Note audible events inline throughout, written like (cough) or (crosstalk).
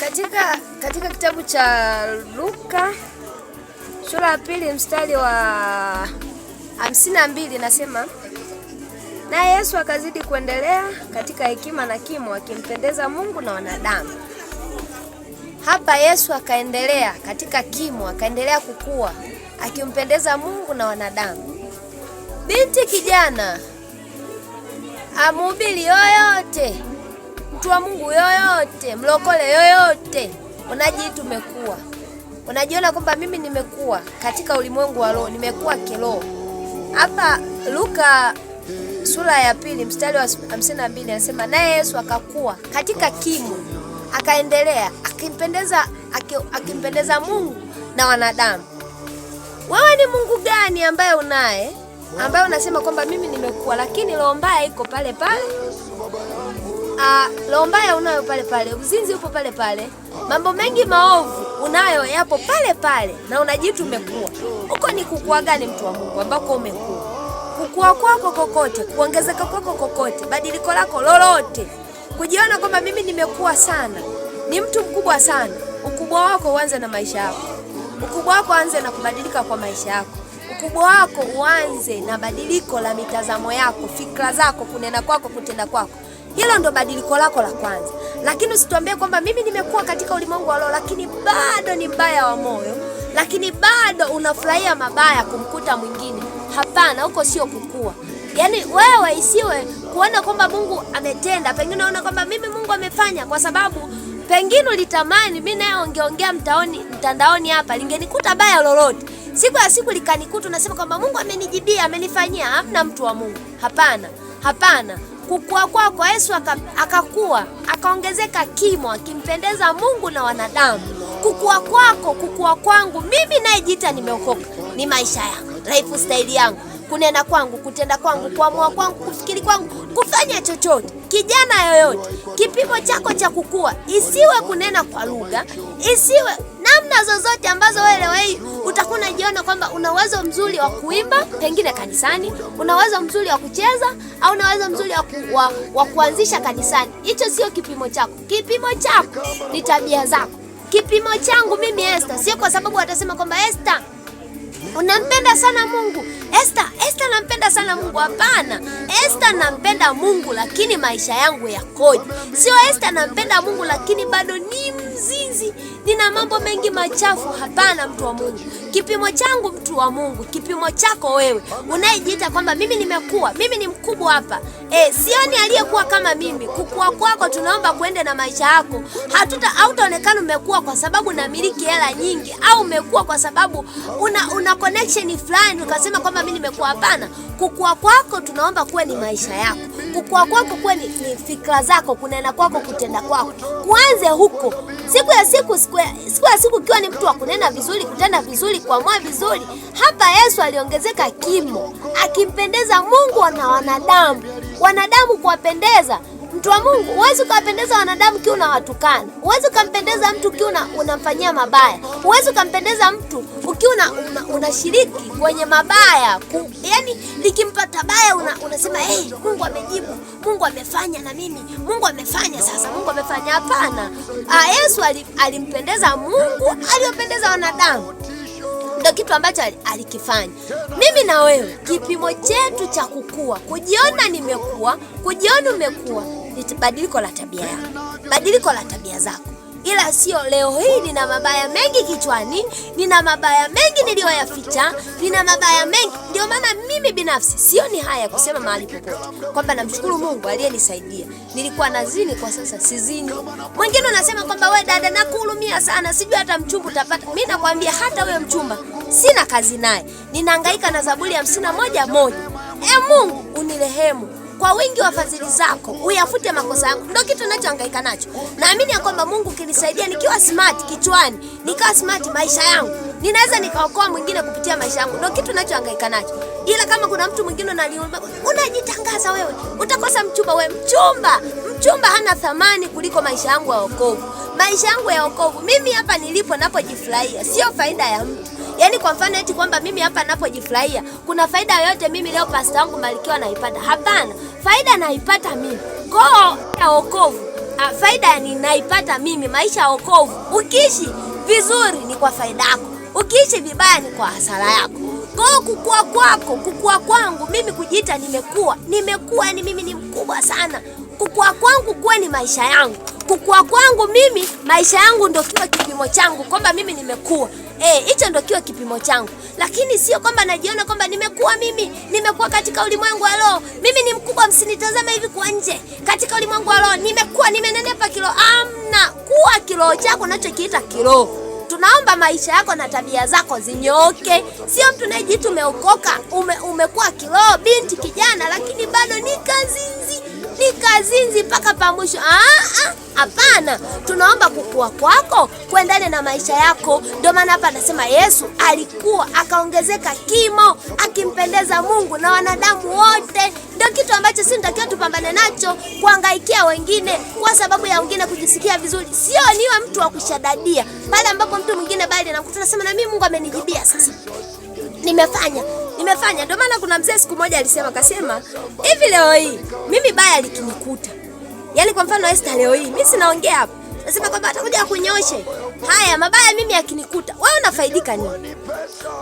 Katika, katika kitabu cha Luka sura ya pili mstari wa hamsini na mbili nasema naye Yesu akazidi kuendelea katika hekima na kimo, akimpendeza Mungu na wanadamu. Hapa Yesu akaendelea katika kimo, akaendelea kukua, akimpendeza Mungu na wanadamu. Binti kijana amhubiri yoyote mtu wa Mungu yoyote, mlokole yoyote, unajiita umekuwa, unajiona kwamba mimi nimekuwa katika ulimwengu wa roho, nimekuwa kiroho. Hapa Luka sura ya pili mstari wa 52 anasema, naye Yesu akakuwa katika kimo, akaendelea akimpendeza, akimpendeza Mungu na wanadamu. Wewe ni Mungu gani ambaye unaye ambaye unasema kwamba mimi nimekuwa, lakini roho mbaya iko pale pale uh, ah, roho mbaya unayo pale pale, uzinzi upo pale pale, mambo mengi maovu unayo yapo pale pale, na unajitu umekuwa huko. Ni kukua gani mtu wa Mungu ambako umekuwa? Kukua kwako kokote, kuongezeka kwako kokote, badiliko lako lolote, kujiona kwamba mimi nimekuwa sana, ni mtu mkubwa sana. Ukubwa wako uanze na maisha yako, ukubwa wako uanze na kubadilika kwa maisha yako ukubwa wako uanze na badiliko la mitazamo yako, fikra zako, kunena kwako, kutenda kwako. Hilo ndo badiliko lako la kwanza, lakini usituambie kwamba mimi nimekuwa katika ulimwengu wa roho, lakini bado ni mbaya wa moyo, lakini bado unafurahia mabaya kumkuta mwingine. Hapana, huko sio kukua. Yaani wewe isiwe kuona kwamba Mungu ametenda, pengine unaona kwamba mimi Mungu amefanya, kwa sababu pengine ulitamani mimi naye ongeongea mtaoni mtandaoni hapa lingenikuta baya lolote, siku ya siku likanikuta, unasema kwamba Mungu amenijibia, amenifanyia. Hamna mtu wa Mungu, hapana, hapana. Kukua kwako Yesu akakuwa akaongezeka kimo, akimpendeza Mungu na wanadamu. Kukua kwako, kukua kwangu mimi jita nimeokoka, ni maisha yangu, lifestyle yangu, kunena kwangu, kutenda kwangu, kuamua kwangu, kufikiri kwangu, kufanya chochote. Kijana yoyote, kipimo chako cha kukua isiwe kunena kwa lugha, isiwe namna zozote ambazo wewe leo hii utakuwa unajiona kwamba una uwezo mzuri wa kuimba, pengine kanisani, una uwezo mzuri wa kucheza au una uwezo mzuri wa, ku, wa, wa kuanzisha kanisani. Hicho sio kipimo chako. Kipimo chako ni tabia zako. Kipimo changu mimi Esther, sio kwa sababu watasema kwamba Esther Unampenda sana Mungu Esther. Esther nampenda sana Mungu? Hapana, Esther nampenda Mungu, lakini maisha yangu yakoje? Sio Esther nampenda Mungu, lakini bado ni mzinzi, nina mambo mengi machafu. Hapana, mtu wa Mungu, kipimo changu mtu wa Mungu, kipimo chako wewe unayejiita kwamba mimi nimekuwa, mimi ni mkubwa hapa e, sioni aliyekuwa kama mimi. Kukua kwako tunaomba kuende na maisha yako, hatuta hautaonekana umekuwa kwa sababu unamiliki hela nyingi, au umekuwa kwa sababu una, una connection fulani ukasema kwamba mimi nimekuwa. Hapana, kukua kwako tunaomba kuwe ni maisha yako, kukua kwako kuwe ni, ni fikra zako, kunena kwako, kutenda kwako, kuanze huko siku ya siku, siku ya siku, ya siku ukiwa ni mtu wa kunena vizuri, kutenda vizuri, kuamua vizuri. Hapa Yesu aliongezeka kimo, akimpendeza Mungu na wanadamu, wanadamu kuwapendeza Mtu wa Mungu, huwezi ukawapendeza wanadamu kiwa unawatukana. Huwezi ukampendeza mtu na unamfanyia mabaya. Huwezi ukampendeza mtu ukiwa unashiriki una kwenye mabaya ku, yani likimpata baya una, unasema hey, eh, Mungu amejibu, Mungu amefanya na mimi, Mungu amefanya sasa, Mungu amefanya. Hapana, ah, Yesu alimpendeza Mungu, aliopendeza wanadamu ndo kitu ambacho alikifanya. Mimi na wewe, kipimo chetu cha kukua, kujiona nimekuwa, kujiona umekuwa badiliko la tabia yako, badiliko la tabia zako, ila sio leo hii nina mabaya mengi kichwani, nina mabaya mengi niliyoyaficha, nina mabaya mengi. Ndio maana mimi binafsi sioni haya kusema mahali popote kwamba namshukuru Mungu aliyenisaidia. Nilikuwa nazini, kwa sasa sizini. Mwingine unasema kwamba we dada, nakuhurumia sana, sijui hata mchumba utapata. Mimi nakwambia hata huyo mchumba sina kazi naye, ninahangaika na Zaburi ya hamsini na moja moja. E Mungu unirehemu kwa wingi wa fadhili zako uyafute makosa yangu. Ndio kitu ninachohangaika nacho. Naamini ya kwamba Mungu kinisaidia nikiwa smart kichwani, nikawa smart maisha yangu, ninaweza nikaokoa mwingine kupitia maisha yangu. Ndio kitu ninachohangaika nacho. Ila kama kuna mtu mwingine unaliomba, unajitangaza wewe, utakosa mchumba. Wewe mchumba, mchumba hana thamani kuliko maisha yangu ya wokovu, maisha yangu ya wokovu. Mimi hapa nilipo napojifurahia, sio faida ya mtu Yaani kwa mfano eti kwamba mimi hapa ninapojifurahia kuna faida yoyote mimi leo pasta wangu malikiwa naipata? Hapana, faida naipata mimi koo ya wokovu. Ah, faida naipata mimi maisha ya wokovu. Ukiishi vizuri ni kwa faida yako, ukiishi vibaya ni kwa hasara yako. Kwa kukua kwako, kukua kwangu mimi, kujiita nimekua, nimekua, yani mimi ni mkubwa sana kukua kwangu kuwe ni maisha yangu, kukua kwangu mimi maisha yangu ndio kiwe kipimo changu kwamba mimi nimekua eh, hicho e, ndio kiwe kipimo changu, lakini sio kwamba najiona kwamba nimekuwa mimi, nimekuwa katika ulimwengu wa roho, mimi ni mkubwa, msinitazame hivi kwa nje. Katika ulimwengu wa roho nimekuwa, nimenenepa kilo. Amna kuwa kiroho chako unachokiita kiroho. Tunaomba maisha yako na tabia zako zinyooke, sio mtu naye jitu umeokoka, ume, umekuwa kiroho, binti kijana, lakini bado ni kazinzi ni kazinzi mpaka mwisho ah, ah, Hapana, tunaomba kukua kwako kuendane na maisha yako. Ndio maana hapa anasema Yesu alikuwa akaongezeka kimo, akimpendeza Mungu na wanadamu wote. Ndio kitu ambacho sisi tunatakiwa tupambane nacho, kuangaikia wengine kwa sababu ya wengine kujisikia vizuri, sio niwe mtu wa kushadadia pale ambapo mtu mwingine bali anakutana sema, na mimi Mungu amenijibia sasa nimefanya nimefanya. Ndio maana kuna mzee siku moja alisema, kasema hivi, leo hii mimi baya likinikuta, yani kwa mfano Esther, leo hii mimi sinaongea hapa, nasema kwamba atakuja kunyoshe haya mabaya, mimi akinikuta, wewe unafaidika nini?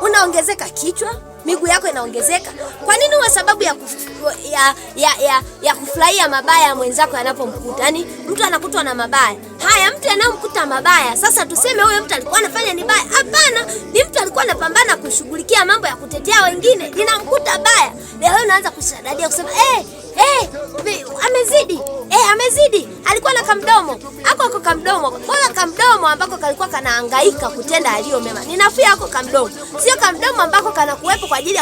Unaongezeka kichwa miguu yako inaongezeka. Kwa nini huwa sababu ya, kuf, ya, ya, ya, ya kufurahia mabaya ya mwenzako yanapomkuta? Yaani mtu anakutwa na mabaya haya, mtu anayemkuta mabaya sasa, tuseme huyo mtu alikuwa anafanya ni baya? Hapana, ni mtu alikuwa anapambana kushughulikia mambo ya kutetea wengine, linamkuta baya, leo unaanza kushadadia kusema eh, eh, amezidi eh, amezidi, alikuwa na kamdomo ako kwa kamdomo, bora kamdomo ambako kalikuwa kanahangaika kutenda aliyomema. Ninafia ako kamdomo, sio kamdomo ambako kanakuwepo kwa kwa ajili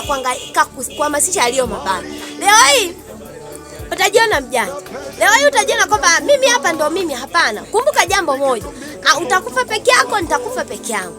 ya kuhamasisha yaliyo mabaya. Leo hii utajiona mjanja, leo hii utajiona kwamba mimi hapa ndo mimi. Hapana, kumbuka jambo moja, ah, utakufa peke yako, nitakufa peke yangu.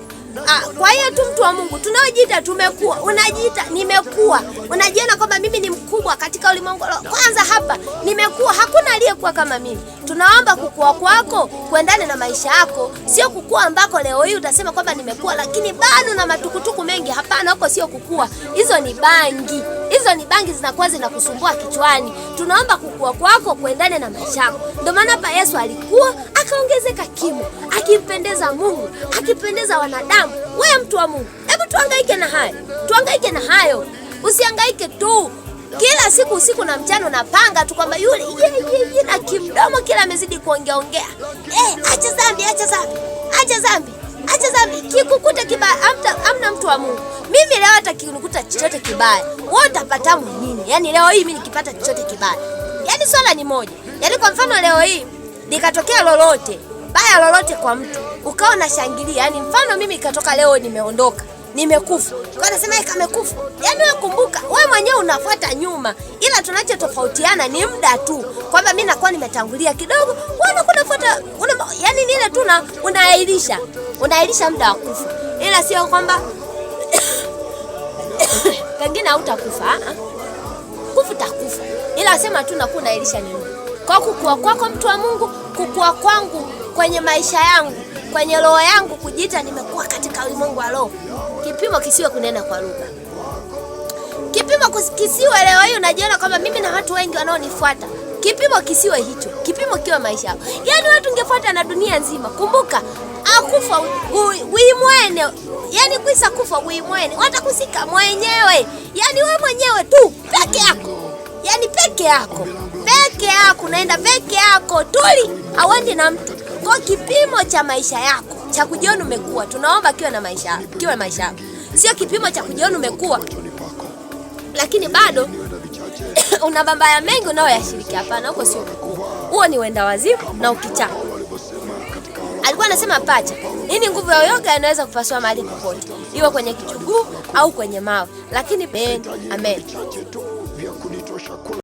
Ah, kwa hiyo tu mtu wa Mungu tunaojiita tumekuwa, unajiita nimekuwa, unajiona kwamba mimi ni mkubwa katika ulimwengu. Kwanza hapa nimekuwa, hakuna aliyekuwa kama mimi. Tunaomba kukua kwako kuendane na maisha yako, sio kukua ambako leo hii utasema kwamba nimekua, lakini bado na matukutuku mengi. Hapana, huko sio kukua, hizo ni bangi, hizo ni bangi zinakuwa zinakusumbua kichwani. Tunaomba kukua kwako kuendane na maisha yako. Ndio maana hapa Yesu alikuwa akaongezeka kimo, akimpendeza Mungu, akipendeza wanadamu. Wewe mtu wa Mungu, hebu tuangaike na hayo, tuangaike na hayo, usiangaike tu kila siku usiku na mchana unapanga tu kwamba yule ye, ye, ye, na kimdomo kila amezidi kuongea ongea. Eh, acha zambi, acha zambi, acha zambi, acha zambi, Kikukuta kibaya amna mtu wa Mungu. Mimi leo hata kinikuta chochote kibaya, wewe utapata nini? Yaani leo hii mimi nikipata chochote kibaya, yaani swala ni moja. Yaani kwa mfano leo hii nikatokea lolote baya lolote kwa mtu ukawa unashangilia, yaani mfano mimi katoka leo nimeondoka nimekufa. yeye kamekufa. Yaani wewe kumbuka, wewe mwenyewe unafuata nyuma, ila tunachotofautiana ni muda tu, kwamba mimi nakuwa nimetangulia kidogo, wewe unakuwa unafuata una, yaani ni ile tu unaahirisha, unaahirisha muda wa kufa, ila sio kwamba (coughs) pengine hautakufa ah? kufa utakufa, ila sema tu nakuwa nailisha nini kwa kukua kwako, mtu wa Mungu, kukua kwangu kwenye maisha yangu kwenye roho yangu kujita nimekuwa katika ulimwengu wa roho. Kipimo kisiwe kunena kwa lugha, kipimo kisiwe leo hii unajiona kwamba mimi na watu wengi wanaonifuata. Kipimo kisiwe hicho, kipimo kiwe maisha yako, Yaani watu ungefuata na dunia nzima. Kumbuka akufa uimwene, yaani kwisa kufa uimwene, watakusika mwenyewe, yaani we mwenyewe tu peke yako, yaani peke yako, peke yako, unaenda peke yako tuli, auendi na mtu kwa kipimo cha maisha yako cha kujiona umekuwa, tunaomba kiwe na maisha, kiwe maisha yako, sio kipimo cha kujiona umekuwa lakini bado (coughs) una mabaya mengi unayoyashiriki. Hapana, huko sio ukubwa, huo ni wenda wazimu na ukichaa. Alikuwa anasema pacha nini, nguvu ya yoga inaweza kupasua mahali popote, iwe kwenye kichuguu au kwenye mawe, lakini amen, amen.